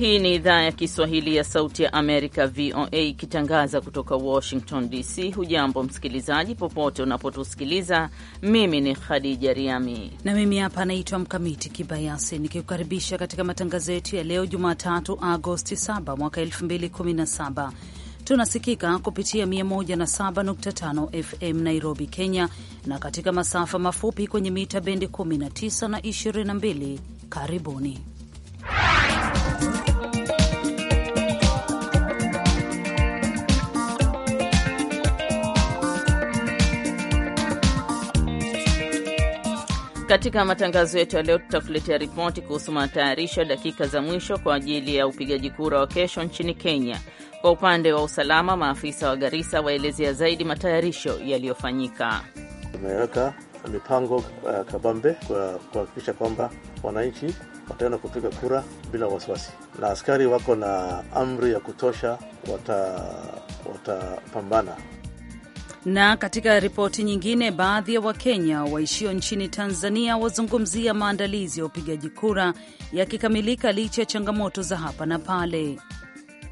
Hii ni idhaa ya Kiswahili ya Sauti ya Amerika, VOA, ikitangaza kutoka Washington DC. Hujambo msikilizaji, popote unapotusikiliza. Mimi ni Khadija Riami na mimi hapa naitwa Mkamiti Kibayasi, nikikukaribisha katika matangazo yetu ya leo Jumatatu, Agosti 7 mwaka 2017. Tunasikika kupitia 107.5 FM Nairobi, Kenya, na katika masafa mafupi kwenye mita bendi 19 na 22. Karibuni. Katika matangazo yetu ya leo, tutakuletea ripoti kuhusu matayarisho ya dakika za mwisho kwa ajili ya upigaji kura wa kesho nchini Kenya. Kwa upande wa usalama, maafisa wa Garisa waelezea zaidi matayarisho yaliyofanyika. Tumeweka mipango uh, kabambe kwa kuhakikisha kwamba wananchi wataenda kupiga kura bila wasiwasi, na askari wako na amri ya kutosha, watapambana wata na katika ripoti nyingine, baadhi ya Wakenya waishio nchini Tanzania wazungumzia maandalizi ya upigaji kura yakikamilika licha ya changamoto za hapa na pale.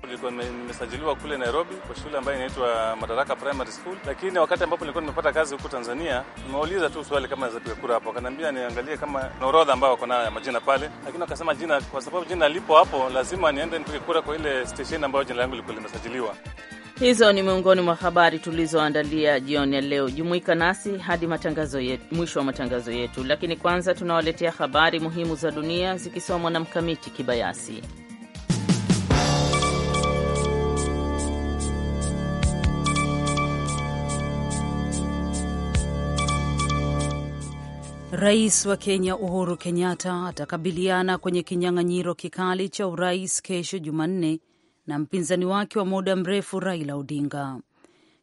Nilikuwa nimesajiliwa kule Nairobi kwa shule ambayo inaitwa Madaraka Primary School, lakini wakati ambapo nilikuwa nimepata kazi huku Tanzania, nimeuliza tu swali kama zapiga kura hapo, wakaniambia niangalie kama na orodha ambayo wako nayo ya majina pale, lakini wakasema jina, kwa sababu jina lipo hapo, lazima niende nipige kura kwa ile stesheni ambayo jina langu lilikuwa limesajiliwa. Hizo ni miongoni mwa habari tulizoandalia jioni ya leo. Jumuika nasi hadi matangazo yetu, mwisho wa matangazo yetu, lakini kwanza tunawaletea habari muhimu za dunia zikisomwa na Mkamiti Kibayasi. Rais wa Kenya Uhuru Kenyatta atakabiliana kwenye kinyang'anyiro kikali cha urais kesho Jumanne na mpinzani wake wa muda mrefu Raila Odinga.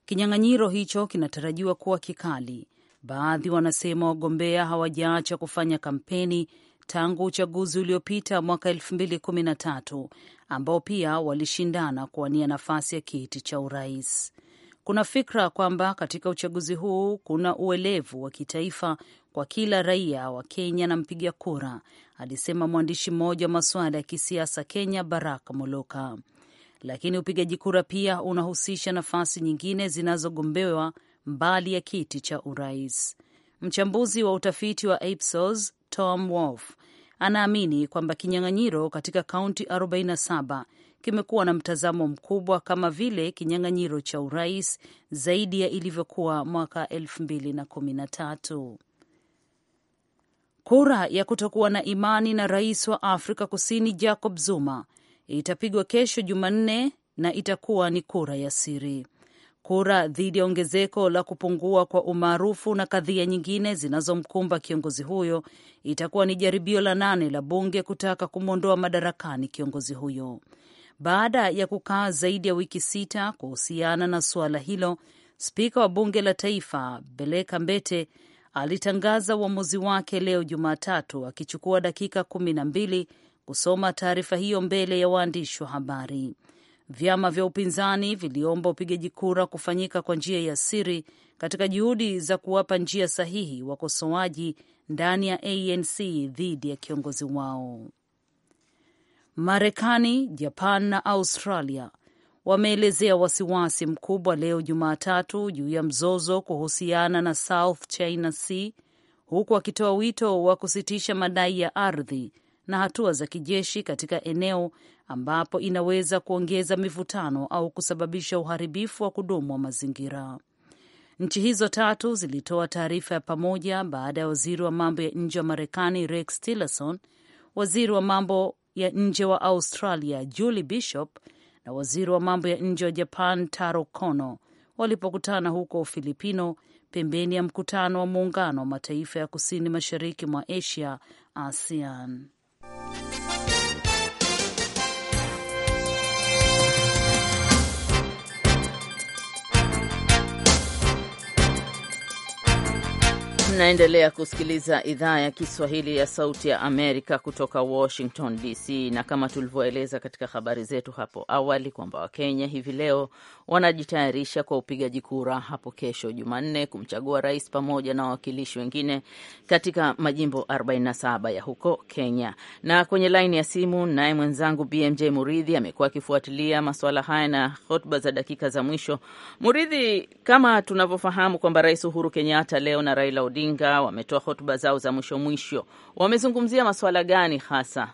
Kinyang'anyiro hicho kinatarajiwa kuwa kikali. Baadhi wanasema wagombea hawajaacha kufanya kampeni tangu uchaguzi uliopita mwaka 2013 ambao pia walishindana kuwania nafasi ya kiti cha urais. Kuna fikra kwamba katika uchaguzi huu kuna uelevu wa kitaifa kwa kila raia wa Kenya na mpiga kura, alisema mwandishi mmoja wa masuala ya kisiasa Kenya, barak Moloka lakini upigaji kura pia unahusisha nafasi nyingine zinazogombewa mbali ya kiti cha urais. Mchambuzi wa utafiti wa Ipsos Tom Wolf anaamini kwamba kinyang'anyiro katika kaunti 47 kimekuwa na mtazamo mkubwa kama vile kinyang'anyiro cha urais zaidi ya ilivyokuwa mwaka 2013. Kura ya kutokuwa na imani na rais wa Afrika Kusini Jacob Zuma itapigwa kesho Jumanne na itakuwa ni kura ya siri. Kura dhidi ya ongezeko la kupungua kwa umaarufu na kadhia nyingine zinazomkumba kiongozi huyo itakuwa ni jaribio la nane la bunge kutaka kumwondoa madarakani kiongozi huyo baada ya kukaa zaidi ya wiki sita kuhusiana na suala hilo. Spika wa bunge la taifa Beleka Mbete alitangaza uamuzi wake leo Jumatatu, akichukua dakika kumi na mbili kusoma taarifa hiyo mbele ya waandishi wa habari. Vyama vya upinzani viliomba upigaji kura kufanyika kwa njia ya siri katika juhudi za kuwapa njia sahihi wakosoaji ndani ya ANC dhidi ya kiongozi wao. Marekani, Japan na Australia wameelezea wasiwasi mkubwa leo Jumatatu juu ya mzozo kuhusiana na South China Sea, huku wakitoa wito wa kusitisha madai ya ardhi na hatua za kijeshi katika eneo ambapo inaweza kuongeza mivutano au kusababisha uharibifu wa kudumu wa mazingira. Nchi hizo tatu zilitoa taarifa ya pamoja baada ya waziri wa mambo ya nje wa Marekani Rex Tillerson, waziri wa mambo ya nje wa Australia Julie Bishop na waziri wa mambo ya nje wa Japan Taro Kono walipokutana huko Ufilipino pembeni ya mkutano wa muungano wa mataifa ya kusini mashariki mwa Asia ASEAN. Mnaendelea kusikiliza idhaa ya Kiswahili ya Sauti ya Amerika kutoka Washington DC, na kama tulivyoeleza katika habari zetu hapo awali kwamba Wakenya hivi leo wanajitayarisha kwa upigaji kura hapo kesho Jumanne kumchagua rais pamoja na wawakilishi wengine katika majimbo 47 ya huko Kenya. Na kwenye laini ya simu naye mwenzangu BMJ Muridhi amekuwa akifuatilia masuala haya na hotuba za dakika za mwisho. Muridhi, kama tunavyofahamu kwamba Rais Uhuru Kenyatta leo na Raila Odinga Odinga wametoa hotuba zao za mwisho mwisho, wamezungumzia masuala gani hasa?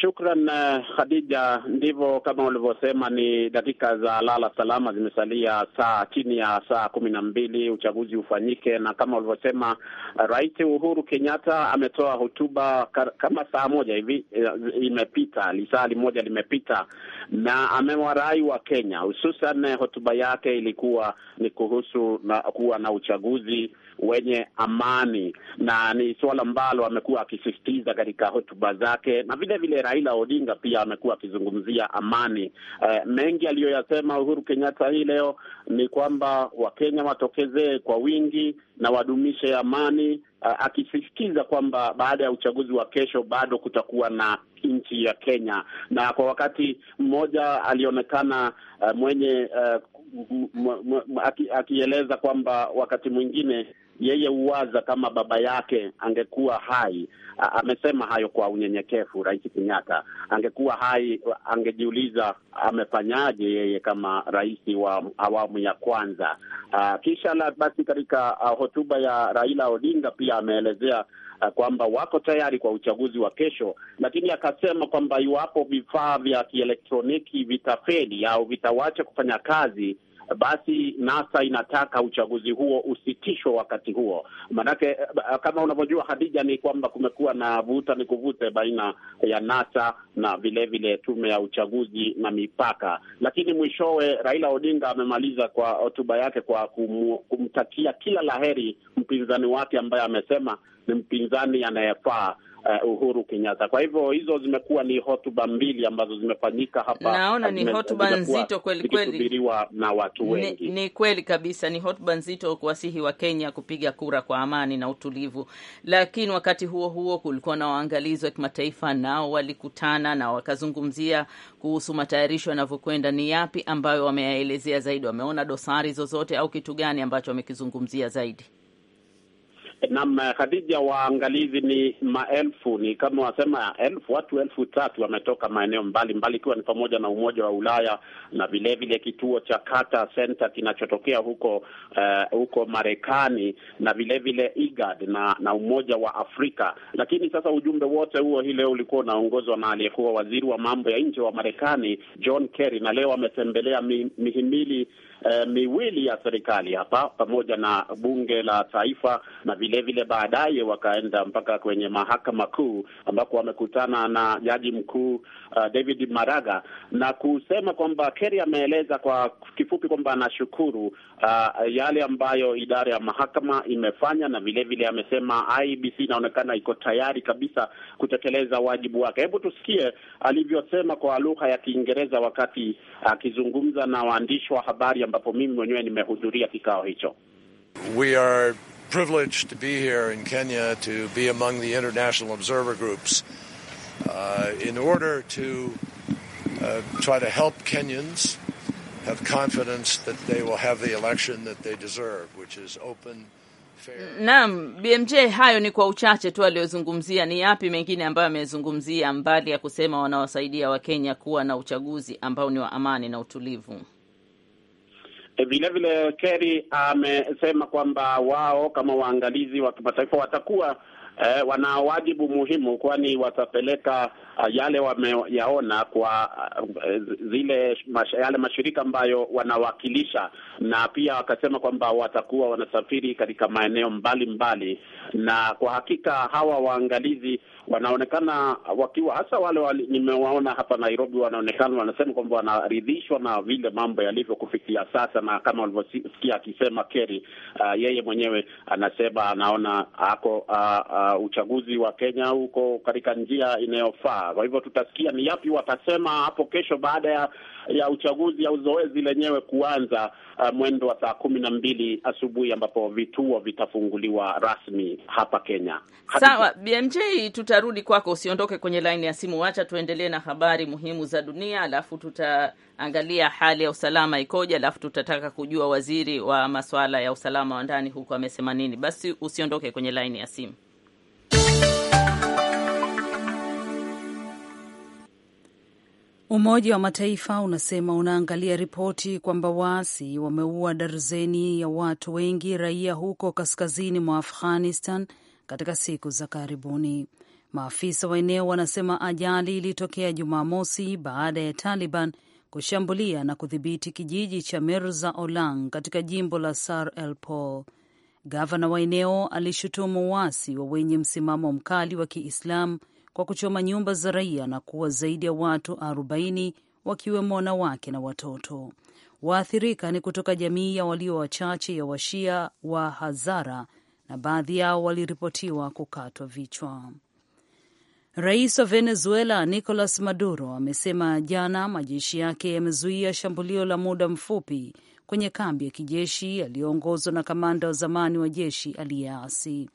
Shukran eh, Khadija, ndivyo kama ulivyosema, ni dakika za lala salama, zimesalia saa chini ya saa kumi na mbili uchaguzi ufanyike, na kama ulivyosema, Rais Uhuru Kenyatta ametoa hotuba kama saa moja hivi eh, imepita, lisali moja limepita, na amewarai wa Kenya, hususan eh, hotuba yake ilikuwa ni kuhusu na, kuwa na uchaguzi wenye amani, na ni suala ambalo amekuwa akisisitiza katika hotuba zake, na vile vile Raila Odinga pia amekuwa akizungumzia amani. Eh, mengi aliyoyasema Uhuru Kenyatta hii leo ni kwamba Wakenya watokezee kwa wingi na wadumishe amani, eh, akisisitiza kwamba baada ya uchaguzi wa kesho bado kutakuwa na nchi ya Kenya. Na kwa wakati mmoja alionekana eh, mwenye eh, akieleza kwamba wakati mwingine yeye huwaza kama baba yake angekuwa hai. A, amesema hayo kwa unyenyekevu. Rais Kenyatta angekuwa hai, angejiuliza amefanyaje yeye kama rais wa awamu ya kwanza. A, kisha la basi, katika hotuba ya Raila Odinga pia ameelezea kwamba wako tayari kwa uchaguzi wa kesho, lakini akasema kwamba iwapo vifaa vya kielektroniki vitafeli au vitawacha kufanya kazi basi NASA inataka uchaguzi huo usitishwe wakati huo. Maanake eh, kama unavyojua Hadija, ni kwamba kumekuwa na vuta ni kuvute baina ya NASA na vilevile tume ya uchaguzi na mipaka, lakini mwishowe Raila Odinga amemaliza kwa hotuba yake kwa kum, kumtakia kila laheri mpinzani wake ambaye amesema ni mpinzani anayefaa uh, Uhuru Kenyatta. Kwa hivyo hizo zimekuwa ni hotuba mbili ambazo zimefanyika hapa. Naona ni hotuba nzito kweli kweli na watu wengi. Ni, ni kweli kabisa, ni hotuba nzito kuwasihi wa Kenya kupiga kura kwa amani na utulivu, lakini wakati huo huo kulikuwa na waangalizi wa kimataifa, nao walikutana na wakazungumzia kuhusu matayarisho yanavyokwenda. Ni yapi ambayo wameyaelezea zaidi? Wameona dosari zozote au kitu gani ambacho wamekizungumzia zaidi? Naam, eh, Khadija, waangalizi ni maelfu, ni kama wasema elfu, watu elfu tatu wametoka maeneo mbalimbali, ikiwa ni pamoja na Umoja wa Ulaya na vilevile kituo cha Carter Center kinachotokea huko uh, huko Marekani na vilevile IGAD na, na Umoja wa Afrika. Lakini sasa ujumbe wote huo hii leo ulikuwa unaongozwa na aliyekuwa waziri wa mambo ya nje wa Marekani John Kerry, na leo ametembelea mi, mihimili uh, miwili ya serikali hapa pamoja na bunge la taifa na vile vilevile baadaye wakaenda mpaka kwenye mahakama kuu ambako wamekutana na jaji mkuu uh, David Maraga na kusema kwamba Kerry ameeleza kwa kifupi kwamba anashukuru uh, yale ambayo idara ya mahakama imefanya, na vilevile amesema IBC inaonekana iko tayari kabisa kutekeleza wajibu wake. Hebu tusikie alivyosema kwa lugha ya Kiingereza wakati akizungumza uh, na waandishi wa habari ambapo mimi mwenyewe nimehudhuria kikao hicho. We are privileged to be here in Kenya to be among the international observer groups uh, in order to uh, try to help Kenyans have confidence that they will have the election that they deserve, which is open. Naam, BMJ, hayo ni kwa uchache tu aliyozungumzia. Ni yapi mengine ambayo amezungumzia mbali ya kusema wanawasaidia Wakenya kuwa na uchaguzi ambao ni wa amani na utulivu? Vilevile eh, Kerry amesema kwamba wao kama waangalizi wa kimataifa watakuwa eh, wana wajibu muhimu, kwani watapeleka eh, yale wameyaona kwa eh, zile mash, yale mashirika ambayo wanawakilisha, na pia wakasema kwamba watakuwa wanasafiri katika maeneo mbalimbali mbali. Na kwa hakika hawa waangalizi wanaonekana wakiwa hasa wale nimewaona hapa Nairobi, wanaonekana wanasema kwamba wanaridhishwa na vile mambo yalivyokufikia sasa, na kama walivyosikia akisema Kerry, uh, yeye mwenyewe anasema anaona ako uh, uh, uh, uchaguzi wa Kenya uko katika njia inayofaa. Kwa hivyo tutasikia ni yapi watasema hapo kesho baada ya, ya uchaguzi au zoezi lenyewe kuanza uh, mwendo wa saa kumi na mbili asubuhi ambapo vituo vitafunguliwa rasmi hapa Kenya. Sawa BMJ, tutarudi kwako, usiondoke kwenye laini ya simu. Wacha tuendelee na habari muhimu za dunia, alafu tutaangalia hali ya usalama ikoje, alafu tutataka kujua waziri wa masuala ya usalama wa ndani huko amesema nini. Basi usiondoke kwenye laini ya simu. Umoja wa Mataifa unasema unaangalia ripoti kwamba waasi wameua darzeni ya watu wengi raia huko kaskazini mwa Afghanistan katika siku za karibuni. Maafisa wa eneo wanasema ajali ilitokea Jumamosi baada ya Taliban kushambulia na kudhibiti kijiji cha Mirza Olang katika jimbo la Sar El Pol. Gavana wa eneo alishutumu waasi wa wenye msimamo mkali wa Kiislamu kwa kuchoma nyumba za raia na kuua zaidi ya watu 40 wakiwemo wanawake na watoto. Waathirika ni kutoka jamii ya walio wachache ya Washia wa Hazara na baadhi yao waliripotiwa kukatwa vichwa. Rais wa Venezuela Nicolas Maduro amesema jana majeshi yake yamezuia shambulio la muda mfupi kwenye kambi ya kijeshi yaliyoongozwa na kamanda wa zamani wa jeshi aliyeasi.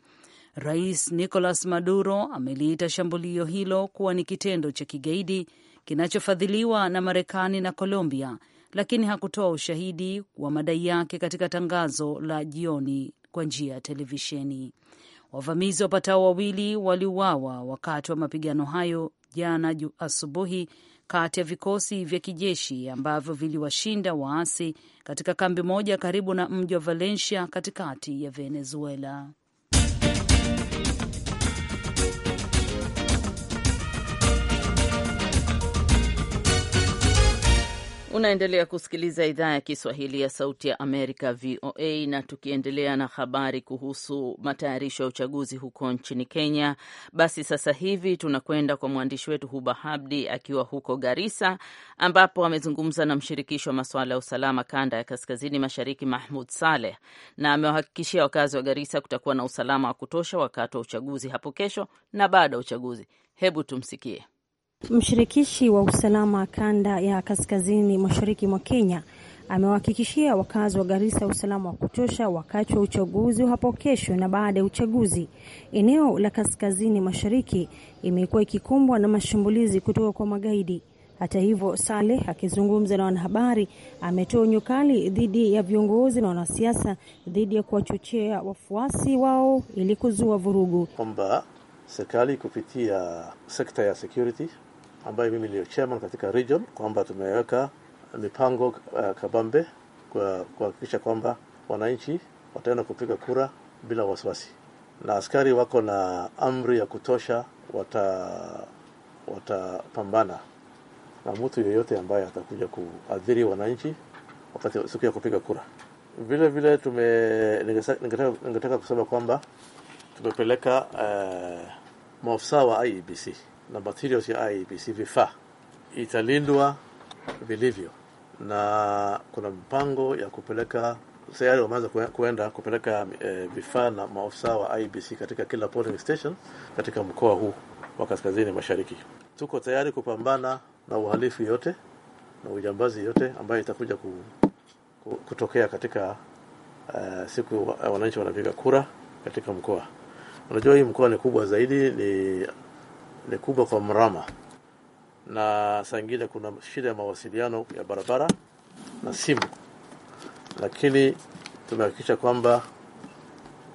Rais Nicolas Maduro ameliita shambulio hilo kuwa ni kitendo cha kigaidi kinachofadhiliwa na Marekani na Colombia, lakini hakutoa ushahidi wa madai yake katika tangazo la jioni kwa njia ya televisheni. Wavamizi wapatao wawili waliuawa wakati wa mapigano hayo jana asubuhi kati ya vikosi vya kijeshi ambavyo viliwashinda waasi katika kambi moja karibu na mji wa Valencia katikati ya Venezuela. Unaendelea kusikiliza idhaa ya Kiswahili ya Sauti ya Amerika, VOA. Na tukiendelea na habari kuhusu matayarisho ya uchaguzi huko nchini Kenya, basi sasa hivi tunakwenda kwa mwandishi wetu Huba Habdi akiwa huko Garisa, ambapo amezungumza na mshirikisho wa masuala ya usalama kanda ya kaskazini mashariki, Mahmud Saleh, na amewahakikishia wakazi wa Garisa kutakuwa na usalama wa kutosha wakati wa uchaguzi hapo kesho na baada ya uchaguzi. Hebu tumsikie. Mshirikishi wa usalama kanda ya kaskazini mashariki mwa Kenya amewahakikishia wakazi wa Garissa usalama wa kutosha wakati wa uchaguzi hapo kesho na baada ya uchaguzi. Eneo la kaskazini mashariki imekuwa ikikumbwa na mashambulizi kutoka kwa magaidi. Hata hivyo, Saleh akizungumza na wanahabari ametoa onyo kali dhidi ya viongozi na wanasiasa dhidi ya kuwachochea wafuasi wao ili kuzua vurugu, kwamba serikali kupitia sekta ya security ambayo mimi ni chairman katika region kwamba tumeweka mipango uh, kabambe kwa kuhakikisha kwamba wananchi wataenda kupiga kura bila wasiwasi, na askari wako na amri ya kutosha, watapambana na mtu yeyote ambaye atakuja kuadhiri wananchi wakati siku ya kupiga kura. Vile vile tume ningetaka kusema kwamba tumepeleka uh, eh, maofisa wa IEBC na materials ya IEBC, vifaa italindwa vilivyo, na kuna mpango ya kupeleka tayari wameanza kuenda kupeleka e, vifaa na maofisa wa IBC katika kila polling station katika mkoa huu wa kaskazini mashariki. Tuko tayari kupambana na uhalifu yote na ujambazi yote ambayo itakuja ku, ku, kutokea katika e, siku wananchi wanapiga kura katika mkoa. Unajua hii mkoa ni kubwa zaidi, ni ni kubwa kwa Mrama, na saa ingine kuna shida ya mawasiliano ya barabara na simu, lakini tumehakikisha kwamba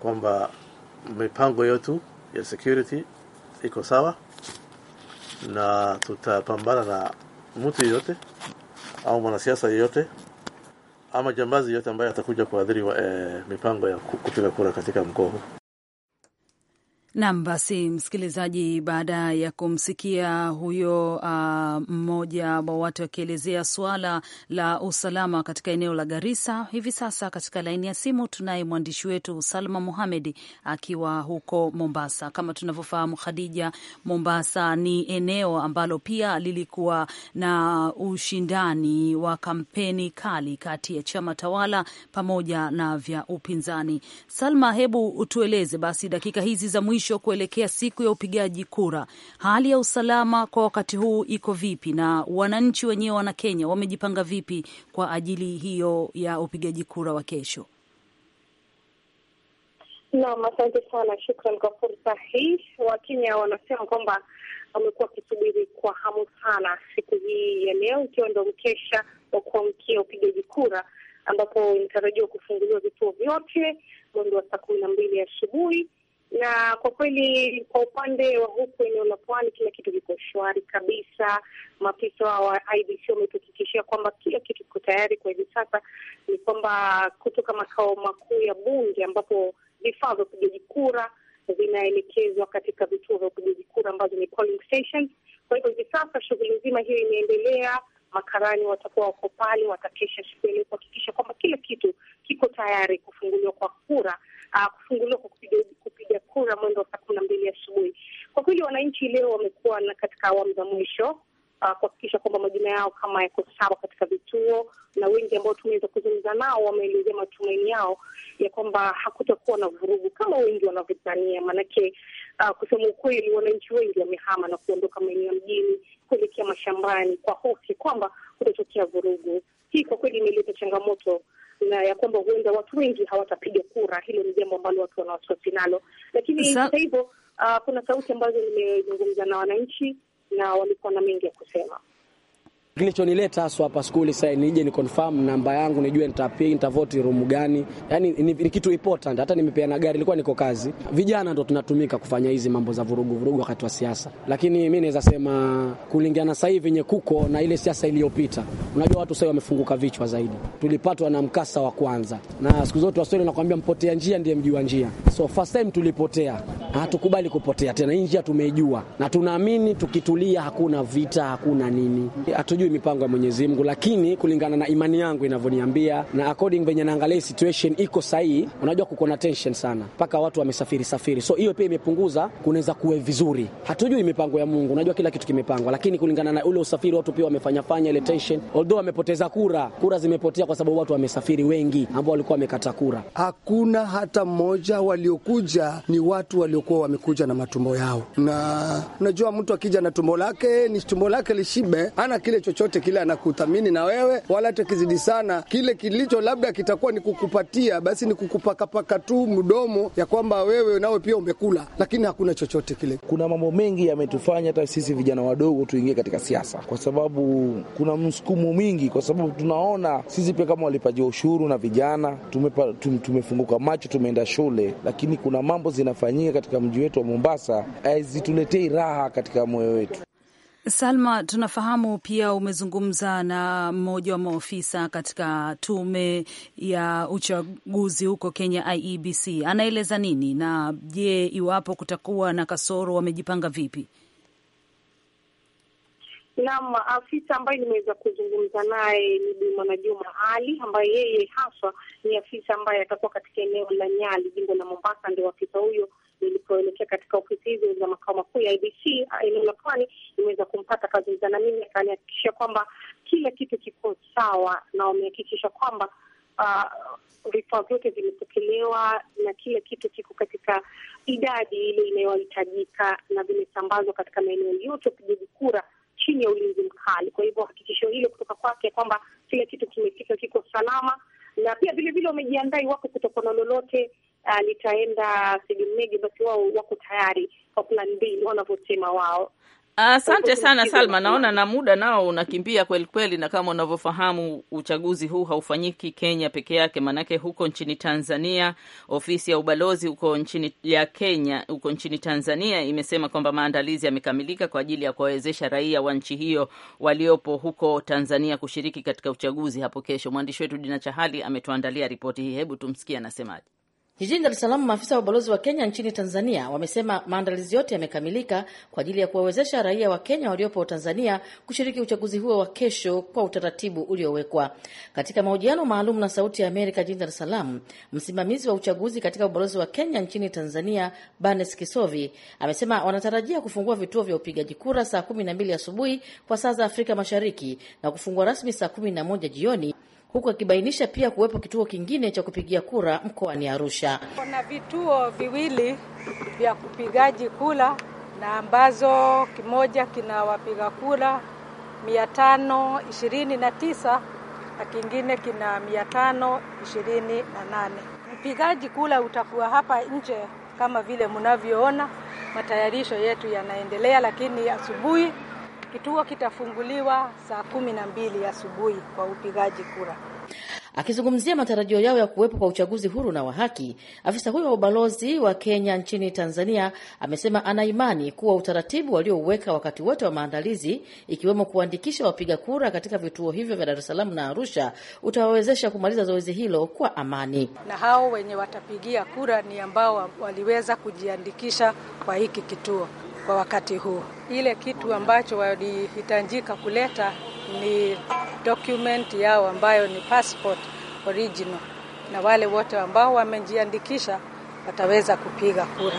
kwamba mipango yetu ya security iko sawa na tutapambana na mtu yeyote au mwanasiasa yeyote ama jambazi yeyote ambaye atakuja kuadhiri e, mipango ya kupiga kura katika mkoa huu. Nam, basi msikilizaji, baada ya kumsikia huyo uh, mmoja wa watu akielezea suala la usalama katika eneo la Garissa, hivi sasa katika laini ya simu tunaye mwandishi wetu Salma Muhamedi akiwa huko Mombasa. Kama tunavyofahamu, Khadija, Mombasa ni eneo ambalo pia lilikuwa na ushindani wa kampeni kali kati ya chama tawala pamoja na vya upinzani. Salma, hebu utueleze basi dakika hizi za mwisho kesho kuelekea siku ya upigaji kura. Hali ya usalama kwa wakati huu iko vipi, na wananchi wenyewe wana Kenya wamejipanga vipi kwa ajili hiyo ya upigaji kura wa kesho? Naam, asante sana, shukran kwa fursa hii. Wakenya wanasema kwamba wamekuwa wakisubiri kwa hamu sana siku hii ya leo, ikiwa ndo mkesha wa kuamkia upigaji kura, ambapo inatarajiwa kufunguliwa vituo vyote mwendo wa saa kumi na mbili asubuhi na kwa kweli, kwa upande wa huku eneo la pwani, kila kitu kiko shwari kabisa. Maafisa wa IBC wametuhakikishia kwamba kila kitu kiko tayari kwa hivi sasa. Ni kwamba kutoka makao makuu ya bunge ambapo vifaa vya upigaji kura vinaelekezwa katika vituo vya upigaji kura ambazo ni polling stations. Kwa hivyo hivi sasa shughuli nzima hiyo imeendelea. Makarani watakuwa wako pale, watakesha siku kuhakikisha kwamba kila kitu kiko tayari kufunguliwa kwa kura, uh, kufunguliwa kwa kura mwendo wa saa kumi na mbili asubuhi. Kwa kweli wananchi leo wamekuwa na katika awamu za mwisho uh, kuhakikisha kwamba majina yao kama yako sawa katika vituo, na wengi ambao tumeweza kuzungumza nao wameelezea matumaini yao ya kwamba hakutakuwa na vurugu kama wengi wanavyodhania. Maanake uh, kusema ukweli, wananchi wengi wamehama na kuondoka maeneo ya mjini kuelekea mashambani kwa hofu kwamba kutatokea vurugu. Hii kwa kweli imeleta changamoto na ya kwamba huenda watu wengi hawatapiga kura. Hilo ni jambo ambalo watu wana wasiwasi nalo, lakini hata hivyo uh, kuna sauti ambazo nimezungumza na wananchi na walikuwa na mengi ya kusema. Kilichonileta haswa hapa skuli sasa nije ni confirm namba yangu, nijue nitapia nitavoti room gani. Yani ni, ni kitu important. Hata nimepeana gari, ilikuwa niko kazi. Vijana ndo tunatumika kufanya hizi mambo za vurugu vurugu wakati wa siasa, lakini mimi naweza sema kulingana sasa hivi yenye kuko na ile siasa iliyopita, unajua watu sasa wamefunguka vichwa zaidi. Tulipatwa na mkasa wa kwanza, na siku zote Waswahili nakwambia mpotea njia ndiye mjua njia. So first time tulipotea, hatukubali kupotea tena. Hii njia tumeijua na tunaamini tukitulia, hakuna vita, hakuna nini, hatujui sijui mipango ya Mwenyezi Mungu, lakini kulingana na imani yangu inavyoniambia na according venye naangalia situation iko sahihi. Unajua kuko na tension sana mpaka watu wamesafiri safiri, so hiyo pia imepunguza, kunaweza kuwe vizuri. Hatujui mipango ya Mungu, unajua kila kitu kimepangwa, lakini kulingana na ule usafiri watu pia wamefanya fanya ile tension, although wamepoteza kura, kura zimepotea kwa sababu watu wamesafiri wengi ambao walikuwa wamekata kura. Hakuna hata mmoja waliokuja, ni watu waliokuwa wamekuja na matumbo yao, na unajua mtu akija na tumbo lake ni tumbo lake lishibe, ana kile chochote chochote kile anakuthamini na wewe, wala hata kizidi sana kile kilicho labda kitakuwa ni kukupatia, basi ni kukupakapaka tu mdomo ya kwamba wewe nawe pia umekula, lakini hakuna chochote kile. Kuna mambo mengi yametufanya hata sisi vijana wadogo tuingie katika siasa, kwa sababu kuna msukumo mwingi, kwa sababu tunaona sisi pia kama walipaji ushuru na vijana tumepa, tum, tumefunguka macho, tumeenda shule, lakini kuna mambo zinafanyika katika mji wetu wa Mombasa hazituletei raha katika moyo wetu. Salma, tunafahamu pia umezungumza na mmoja wa maofisa katika tume ya uchaguzi huko Kenya, IEBC. Anaeleza nini, na je, iwapo kutakuwa na kasoro wamejipanga vipi? Naam, afisa ambaye nimeweza kuzungumza naye ni Mwanajuma Ali, ambaye yeye haswa ni afisa ambaye atakuwa katika eneo la Nyali, jimbo la Mombasa. Ndio afisa huyo nilipoelekea katika ofisi hizo za makao makuu ya IBC eneo la Pwani, imeweza kumpata kazungumza na mimi, akanihakikishia kwamba kila kitu kiko sawa na wamehakikisha kwamba vifaa uh, vyote vimepokelewa na kila kitu kiko katika idadi ile inayohitajika na vimesambazwa katika maeneo yote kupiga kura chini ya ulinzi mkali. Kwa hivyo hakikisho hilo kutoka kwake kwamba kila kitu kimefika, kiko salama na pia vilevile wamejiandaa iwapo kutokana lolote uh, litaenda sijumnegi, basi wao wako tayari kwa plan B wanavyosema wao. Asante sana Salma, naona na muda nao unakimbia kweli kweli, na kama unavyofahamu uchaguzi huu haufanyiki Kenya peke yake, maanake huko nchini Tanzania ofisi ya ubalozi huko nchini ya Kenya huko nchini Tanzania imesema kwamba maandalizi yamekamilika kwa ajili ya kuwawezesha raia wa nchi hiyo waliopo huko Tanzania kushiriki katika uchaguzi hapo kesho. Mwandishi wetu Dina Chahali ametuandalia ripoti hii, hebu tumsikie anasemaje. Jijini Dar es Salaam, maafisa wa ubalozi wa Kenya nchini Tanzania wamesema maandalizi yote yamekamilika kwa ajili ya kuwawezesha raia wa Kenya waliopo Tanzania kushiriki uchaguzi huo wa kesho kwa utaratibu uliowekwa. Katika mahojiano maalum na Sauti ya Amerika jijini Dar es Salaam, msimamizi wa uchaguzi katika ubalozi wa Kenya nchini Tanzania, banes Kisovi, amesema wanatarajia kufungua vituo vya upigaji kura saa kumi na mbili asubuhi kwa saa za Afrika Mashariki na kufungua rasmi saa kumi na moja jioni huku akibainisha pia kuwepo kituo kingine cha kupigia kura mkoani Arusha. Kuna vituo viwili vya kupigaji kura na ambazo kimoja kina wapiga kura mia tano ishirini na tisa na kingine kina mia tano ishirini na nane. Mpigaji kura utakuwa hapa nje kama vile mnavyoona, matayarisho yetu yanaendelea, lakini asubuhi Kituo kitafunguliwa saa kumi na mbili asubuhi kwa upigaji kura. Akizungumzia matarajio yao ya kuwepo kwa uchaguzi huru na wa haki, afisa huyo wa ubalozi wa Kenya nchini Tanzania amesema ana imani kuwa utaratibu waliouweka wakati wote wa maandalizi, ikiwemo kuandikisha wapiga kura katika vituo hivyo vya Dar es Salaam na Arusha, utawawezesha kumaliza zoezi hilo kwa amani. Na hao wenye watapigia kura ni ambao waliweza kujiandikisha kwa hiki kituo kwa wakati huu. Ile kitu ambacho walihitajika kuleta ni document yao ambayo ni passport original, na wale wote ambao wamejiandikisha wataweza kupiga kura.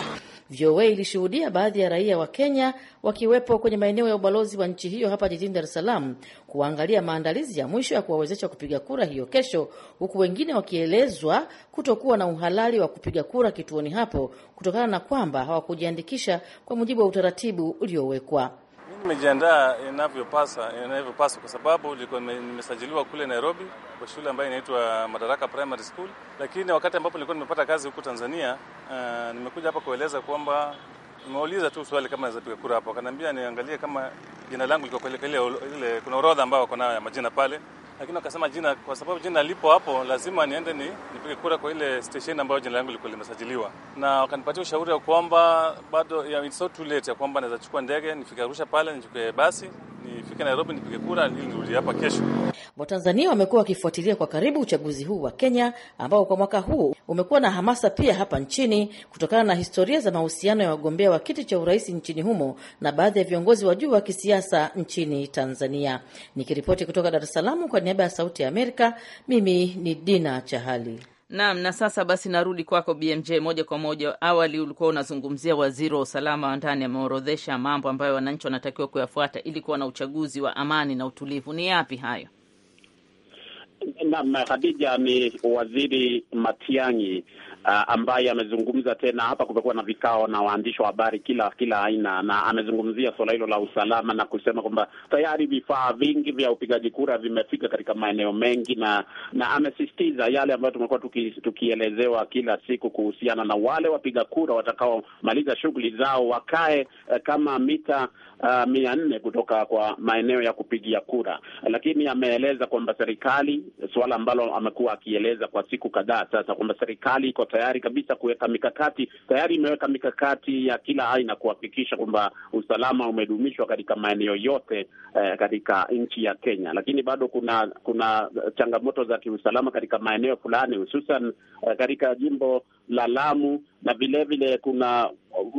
VOA ilishuhudia baadhi ya raia wa Kenya wakiwepo kwenye maeneo ya ubalozi wa nchi hiyo hapa jijini Dar es Salaam kuangalia maandalizi ya mwisho ya kuwawezesha kupiga kura hiyo kesho, huku wengine wakielezwa kutokuwa na uhalali wa kupiga kura kituoni hapo kutokana na kwamba hawakujiandikisha kwa mujibu wa utaratibu uliowekwa. Nimejiandaa inavyopasa inavyopaswa, kwa sababu nilikuwa nimesajiliwa kule Nairobi kwa shule ambayo inaitwa Madaraka Primary School, lakini wakati ambapo nilikuwa nimepata kazi huku Tanzania, uh, nimekuja hapa kueleza kwamba nimeuliza tu swali kama naweza piga kura hapa, wakaniambia niangalie kama jina langu liko ile, kuna orodha ambayo wako nayo ya majina pale lakini wakasema jina, kwa sababu jina lipo hapo, lazima niende ni nipige kura kwa ile station ambayo jina langu liko limesajiliwa, na wakanipatia ushauri ya kwamba bado ya it's so too late, ya kwamba naweza chukua ndege nifike Arusha pale nichukue basi nifike Nairobi nipige kura ili nirudi hapa kesho. Watanzania wamekuwa wakifuatilia kwa karibu uchaguzi huu wa Kenya ambao kwa mwaka huu umekuwa na hamasa pia hapa nchini kutokana na historia za mahusiano ya wagombea wa kiti cha urais nchini humo na baadhi ya viongozi wa juu wa kisiasa nchini Tanzania. Nikiripoti kutoka Dar es Salaam kwa niaba ya Sauti ya Amerika, mimi ni Dina Chahali. Naam, na sasa basi narudi kwako BMJ moja kwa moja. Awali ulikuwa unazungumzia waziri wa usalama wa ndani ameorodhesha mambo ambayo wananchi wanatakiwa kuyafuata ili kuwa na uchaguzi wa amani na utulivu. Ni yapi hayo? Naam, Khadija, ni waziri Matiang'i uh, ambaye amezungumza tena hapa. Kumekuwa na vikao na waandishi wa habari kila kila aina, na amezungumzia suala hilo la usalama na kusema kwamba tayari vifaa vingi vya upigaji kura vimefika katika maeneo mengi, na na amesisitiza yale ambayo tumekuwa tuki, tukielezewa kila siku kuhusiana na wale wapiga kura watakaomaliza shughuli zao wakae uh, kama mita uh, mia nne kutoka kwa maeneo ya kupigia kura, lakini ameeleza kwamba serikali, suala ambalo amekuwa akieleza kwa siku kadhaa sasa, kwamba serikali iko tayari kabisa kuweka mikakati, tayari imeweka mikakati ya kila aina kuhakikisha kwamba usalama umedumishwa katika maeneo yote eh, katika nchi ya Kenya, lakini bado kuna kuna changamoto za kiusalama katika maeneo fulani, hususan eh, katika jimbo la Lamu na vilevile kuna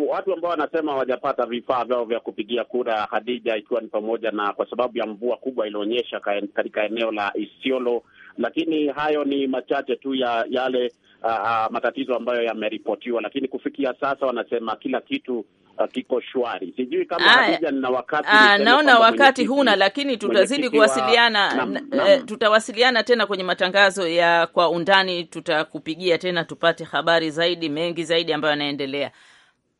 watu ambao wanasema hawajapata vifaa vyao vya kupigia kura Hadija, ikiwa ni pamoja na kwa sababu ya mvua kubwa ilionyesha katika eneo la Isiolo. Lakini hayo ni machache tu ya yale uh, matatizo ambayo yameripotiwa, lakini kufikia sasa wanasema kila kitu ah, kiko shwari. Sijui kama Hadija nina wakati, naona wakati huna, lakini tutazidi kuwasiliana E, tutawasiliana tena kwenye matangazo ya kwa undani, tutakupigia tena tupate habari zaidi mengi zaidi ambayo yanaendelea.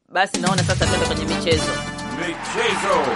Basi naona sasa tuende kwenye michezo michezo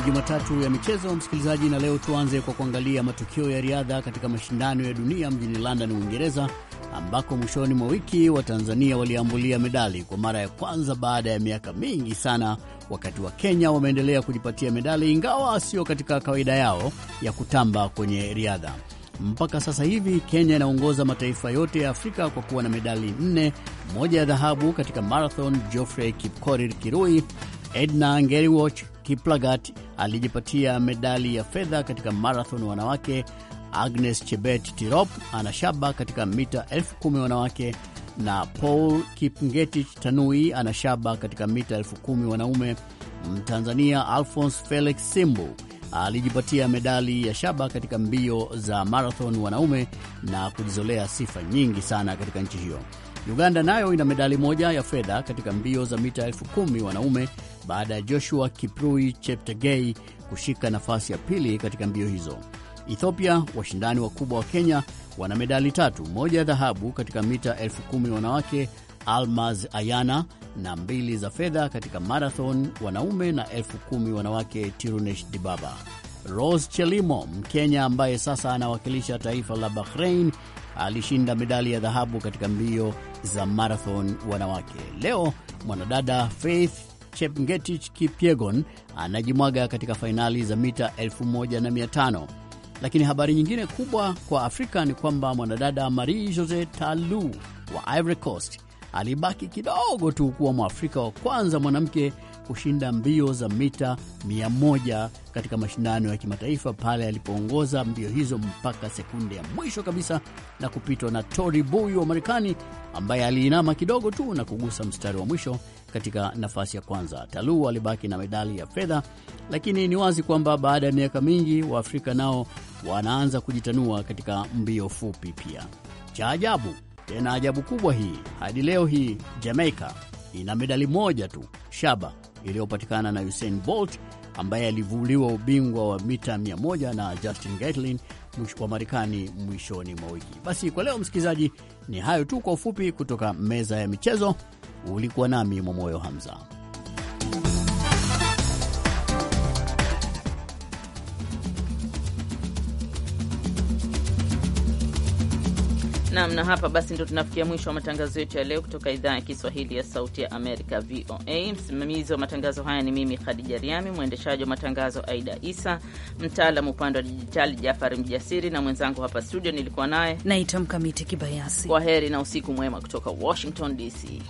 Ni Jumatatu ya michezo, msikilizaji, na leo tuanze kwa kuangalia matukio ya riadha katika mashindano ya dunia mjini London, Uingereza, ambako mwishoni mwa wiki Watanzania waliambulia medali kwa mara ya kwanza baada ya miaka mingi sana, wakati wa Kenya wameendelea kujipatia medali, ingawa sio katika kawaida yao ya kutamba kwenye riadha. Mpaka sasa hivi Kenya inaongoza mataifa yote ya Afrika kwa kuwa na medali nne, moja ya dhahabu katika marathon Geoffrey Kipkorir Kirui, Edna Ngeriwoch Kiplagat alijipatia medali ya fedha katika marathon wanawake. Agnes Chebet Tirop ana shaba katika mita elfu kumi wanawake na Paul Kipngetich Tanui ana shaba katika mita elfu kumi wanaume. Mtanzania Alphonse Felix Simbu alijipatia medali ya shaba katika mbio za marathon wanaume na kujizolea sifa nyingi sana katika nchi hiyo. Uganda nayo ina medali moja ya fedha katika mbio za mita elfu kumi wanaume baada ya Joshua Kiprui Cheptegei kushika nafasi ya pili katika mbio hizo. Ethiopia, washindani wakubwa wa Kenya, wana medali tatu, moja ya dhahabu katika mita elfu kumi wanawake Almaz Ayana na mbili za fedha katika marathon wanaume na elfu kumi wanawake Tirunesh Dibaba. Rose Chelimo, Mkenya ambaye sasa anawakilisha taifa la bahrein alishinda medali ya dhahabu katika mbio za marathon wanawake. Leo mwanadada Faith Chepngetich Kipyegon anajimwaga katika fainali za mita 1500. Lakini habari nyingine kubwa kwa Afrika ni kwamba mwanadada Marie Jose talu wa Ivory Coast alibaki kidogo tu kuwa Mwafrika wa kwanza mwanamke kushinda mbio za mita 100 katika mashindano ya kimataifa pale alipoongoza mbio hizo mpaka sekunde ya mwisho kabisa na kupitwa na Tori Boyu wa Marekani ambaye aliinama kidogo tu na kugusa mstari wa mwisho katika nafasi ya kwanza. Taluu alibaki na medali ya fedha, lakini ni wazi kwamba baada ya miaka mingi Waafrika nao wanaanza kujitanua katika mbio fupi pia. Cha ajabu tena ajabu kubwa hii, hadi leo hii Jamaica ina medali moja tu shaba iliyopatikana na Usain Bolt ambaye alivuliwa ubingwa wa mita 100 na Justin Gatlin wa Marekani mwishoni mwa wiki. Basi kwa leo, msikilizaji, ni hayo tu kwa ufupi kutoka meza ya michezo. Ulikuwa nami Mwamoyo Hamza. Nam na hapa basi ndo tunafikia mwisho wa matangazo yetu ya leo kutoka idhaa ya Kiswahili ya Sauti ya Amerika, VOA. Msimamizi wa matangazo haya ni mimi Khadija Riami, mwendeshaji wa matangazo Aida Isa, mtaalam upande wa dijitali Jafari Mjasiri, na mwenzangu hapa studio nilikuwa naye naitwa Mkamiti Kibayasi. Kwa heri na usiku mwema kutoka Washington DC.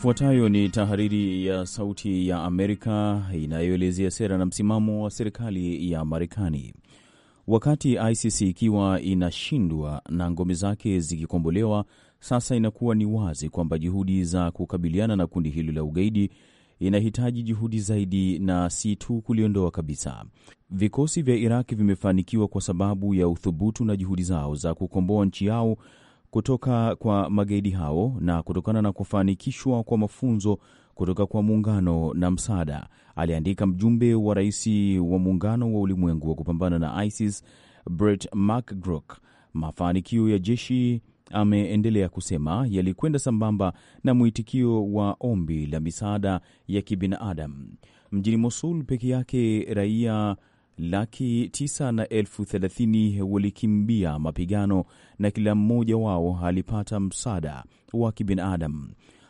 Ifuatayo ni tahariri ya Sauti ya Amerika inayoelezea sera na msimamo wa serikali ya Marekani. Wakati ICC ikiwa inashindwa na ngome zake zikikombolewa, sasa inakuwa ni wazi kwamba juhudi za kukabiliana na kundi hilo la ugaidi inahitaji juhudi zaidi na si tu kuliondoa kabisa. Vikosi vya Iraki vimefanikiwa kwa sababu ya uthubutu na juhudi zao za kukomboa nchi yao kutoka kwa magaidi hao na kutokana na kufanikishwa kwa mafunzo kutoka kwa muungano na msaada, aliandika mjumbe wa rais wa muungano wa ulimwengu wa kupambana na ISIS Brett McGurk. Mafanikio ya jeshi, ameendelea kusema, yalikwenda sambamba na mwitikio wa ombi la misaada ya kibinadamu. Mjini Mosul peke yake raia laki tisa na elfu thelathini walikimbia mapigano na kila mmoja wao alipata msaada wa kibinadamu.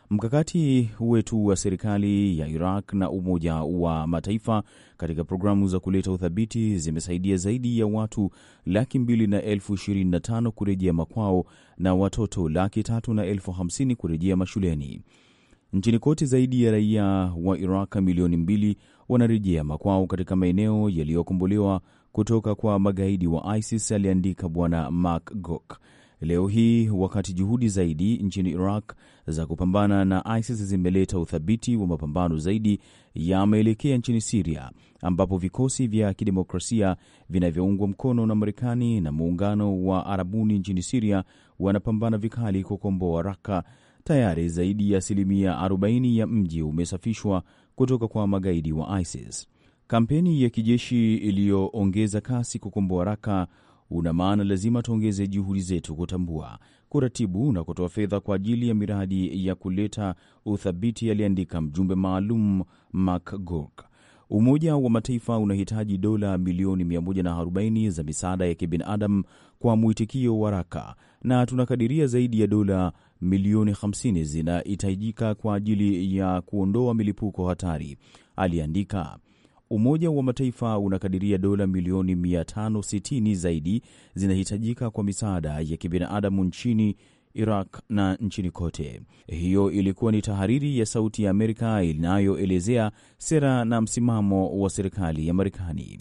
Mkakati wetu wa serikali ya Iraq na Umoja wa Mataifa katika programu za kuleta uthabiti zimesaidia zaidi ya watu laki mbili na elfu ishirini na tano kurejea makwao na watoto laki tatu na elfu hamsini kurejea mashuleni nchini kote. Zaidi ya raia wa Iraq milioni mbili wanarejea makwao katika maeneo yaliyokumbuliwa kutoka kwa magaidi wa ISIS, aliandika Bwana Mark Gok. Leo hii wakati juhudi zaidi nchini Iraq za kupambana na ISIS zimeleta uthabiti wa mapambano zaidi, yameelekea nchini Siria ambapo vikosi vya kidemokrasia vinavyoungwa mkono na Marekani na muungano wa Arabuni nchini Siria wanapambana vikali kukomboa Raka. Tayari zaidi ya asilimia 40 ya mji umesafishwa kutoka kwa magaidi wa ISIS. Kampeni ya kijeshi iliyoongeza kasi kukomboa Raka una maana lazima tuongeze juhudi zetu kutambua, kuratibu na kutoa fedha kwa ajili ya miradi ya kuleta uthabiti, aliandika mjumbe maalum Mark Gurk. Umoja wa Mataifa unahitaji dola milioni 140 za misaada ya kibinadamu kwa mwitikio wa Raka, na tunakadiria zaidi ya dola milioni 50 zinahitajika kwa ajili ya kuondoa milipuko hatari, aliandika. Umoja wa Mataifa unakadiria dola milioni 560 zaidi zinahitajika kwa misaada ya kibinadamu nchini Iraq na nchini kote. Hiyo ilikuwa ni tahariri ya Sauti ya Amerika inayoelezea sera na msimamo wa serikali ya Marekani.